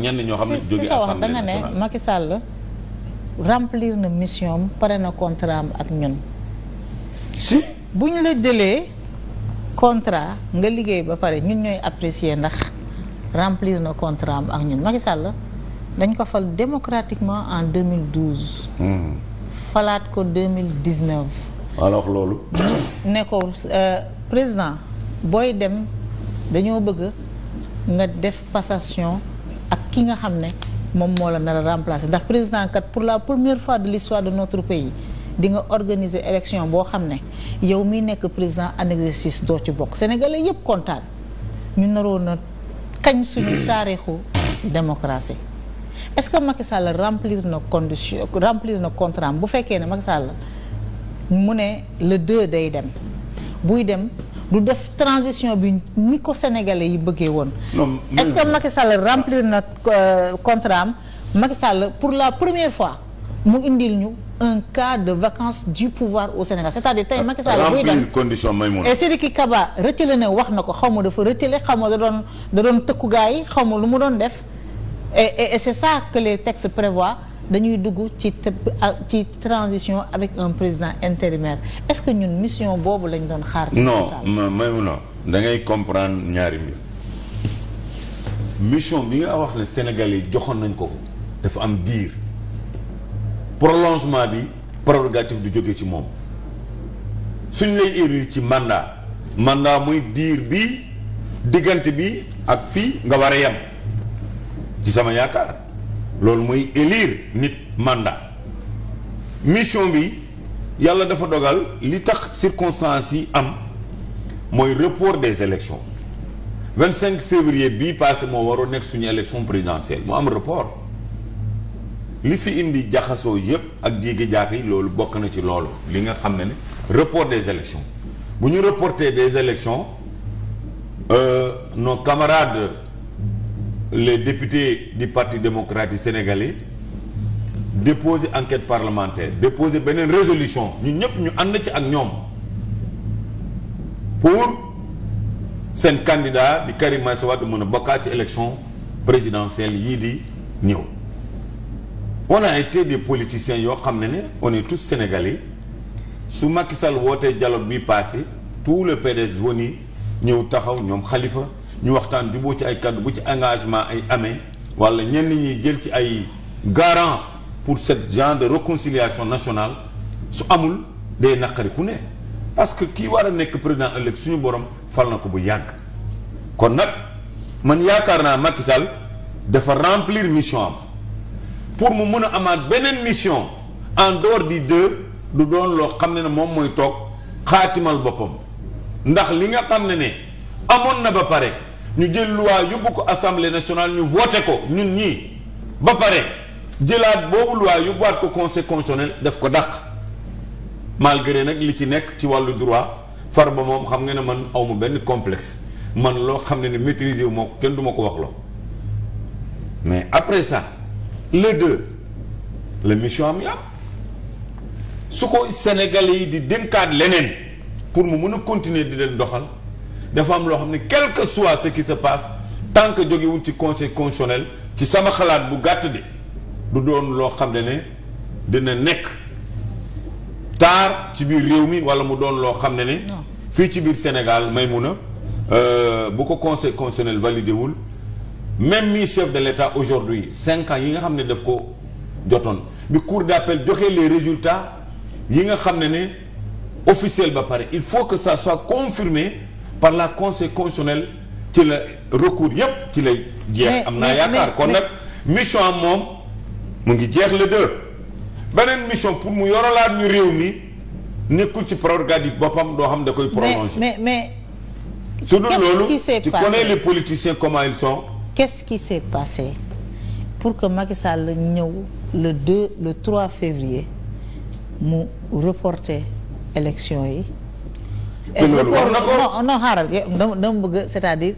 ñenn ñoo xam ne jóge assemblée la da remplir na mission pare na contrat ak ñun. bu ñu la jëlee contrat nga liggéey ba pare ñun ñooy apprécier ndax remplir na contrat am ak ñun Macky Sall dañ ko fal démocratiquement en 2012. Hmm. falaat ko 2019. alors loolu. ne ko euh, président booy dem dañoo bëgg nga def passation. ak ki nga xam ne moom moo la nar a remplacer ndax président pour la première fois de l'histoire de notre pays di nga organise élection boo xam ne yow miy nekk président en exercice doo ci bokk sénégalais yëpp kontaan ñu naroon na kañ suñu taarixu démocratie est-ce que Macky Sall remplir na condition remplir na contrat bu fekkee ne Macky Sall mu ne le deux day dem buy dem du def transition bi ni ko sénégalais yi bëggee woon. est-ce que Sall remplir na euh, contrat am Macky pour la première fois mu indil ñu un cas de vacance du pouvoir au Sénégal c'est-à-dire tey Macky buy dem remplir condition Maïmouna et Kaba retiré na wax na ko xaw ma dafa retiré xaw ma da doon da doon tëkku gars yi xaw ma lu mu doon def. et c'est ça que les textes prévoient dañuy dugg ci ak ci transition avec un président intérimaire est-ce que ñun mission boobu lañu doon xaar. non même non da ngay comprendre ñaari mbir mission bi nga wax ne Sénégal yi joxoon nañ ko ko dafa am diir prolongement bi prérogative du jóge ci moom suñ lay élu ci mandat mandat muy diir bi diggante bi ak fii nga war a yem. ci sama yaakaar loolu mooy élire nit mandat mission bi yàlla dafa dogal li tax circonstances yi am mooy report des élections 25 février bii passé moo waroon nekk suñu élection présidentielle mu am report li fi indi jaxasoo yépp ak jéegi jaak yi loolu bokk na ci loolu li nga xam ne ne report des élections bu ñu reporter des élections euh, nos les députés du Parti démocratique sénégalais déposer enquête parlementaire déposer beneen résolution ñu ñëpp ñu ànd ci ak ñoom pour seen candidat di Karim Meïssa Wade mën a bokkaat ci élection présidentielle yii di ñëw on a été des politiciens yoo xam ne ne on est tous sénégalais su Macky Sall wootee jaloo bi passé tout le PDS venu ñëw taxaw ñoom xalifa ñu waxtaan juboo ci ay kaddu bu ci engagement ay amee wala ñenn ñi jël ci ay garant pour cette genre de réconciliation nationale su amul de naqari ku ne parce que kii war a nekk président ëllëg suñu borom fal na ko bu yàgg kon nag man yaakaar naa Macky Sall dafa remplir mission am pour mu mun a amaat beneen mission en dehors du deux du doon loo xam ne ne moom mooy toog xaatimal boppam ndax li nga xam ne ne amoon na ba pare ñu jël loi yóbbu ko assemblée nationale ñu voté ko ñun ñii ba pare jëlaat boobu loi yóbbuwaat ko conseil constitutionnel def ko dàq malgré nag li ci nekk ci wàllu droit far ba moom xam nga ne man awma benn complexe man loo xam ne ne maîtriser wu ma ko kenn duma ko wax loo mais après sa les deux la mission am yàpp su ko Sénégalais yi di dénkaat leneen pour mu mun a continuer di leen doxal dafa am loo xam ne quelque soit ce qui se passe tant que jógewul ci conseil constitutionnel ci sama xalaat bu gàtt di du doon loo xam ne ne dina nekk taar ci biir réew mi wala mu doon loo xam ne ne fii ci biir Sénégal may mun a euh, bu ko conseil constitutionnel validé wul même mi chef de l'État aujourd'hui cinq ans yi nga xam ne daf ko jotoon bi cour d'appel joxe les résultat yi nga xam ne ne officiel ba pare il faut que ça soit confirmé par la conseil constitutionnel ci la recours yépp ci lay jeex am naa yaakaar kon nag mission am moom mu ngi jeex le deux beneen mission pour mu yoralaat ñu réew mi nekkul ci prérogative boppam doo xam da koy prolonger mais mais su dul loolu tu connais les politiciens comment ils sont qu'est-ce qui s'est pour que Macky Sall ñëw le 2 le 3 février mu reporter élection yi Eh, non non xaaral eh, dama dama bëgg c'est-à-dire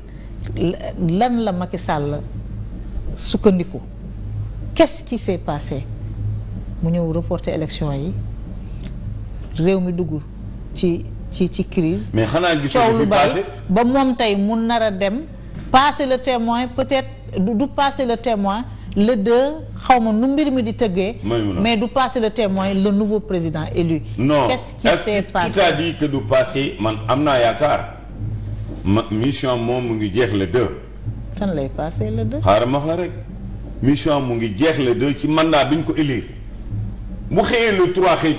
lan la Macky Sall sukkandiku qu'est-ce qui s'est passé mu ñëw reporter élection yi réew mi dugg ci ci ci crise mais xanaa coow lu bari ba moom tey mu nar a dem passer le témoin peut-être du passer le témoin le deux xaw ma nu mbir mi di tëggee. mais du passer le témoin le nouveau président élu. non qu'est-ce qui s'est passé non est man am naa yaakaar ma mission moom mu ngi jeex le deux. fan lay passé le deux. rek mission mu ngi jeex ci mandat bi ñu ko élire bu xëyee le trois xëy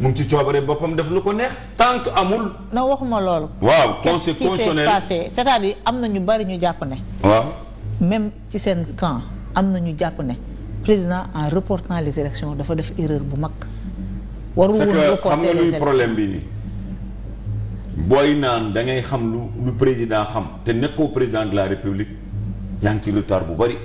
mu ngi ci coobare boppam def lu ko neex. tant amul. na waxuma loolu. waaw conseil constitutionnel qu'est-ce qui am na ñu bari ñu jàpp ne. waaw. même ci seen camp. am na ñu jàpp ne président en reportant les élections dafa def erreur bu mag. warul woon reporter les élections problème bi booy naan da ngay xam lu lu président xam te nekkoo président de la république yaa ngi ci lu tar bu bari.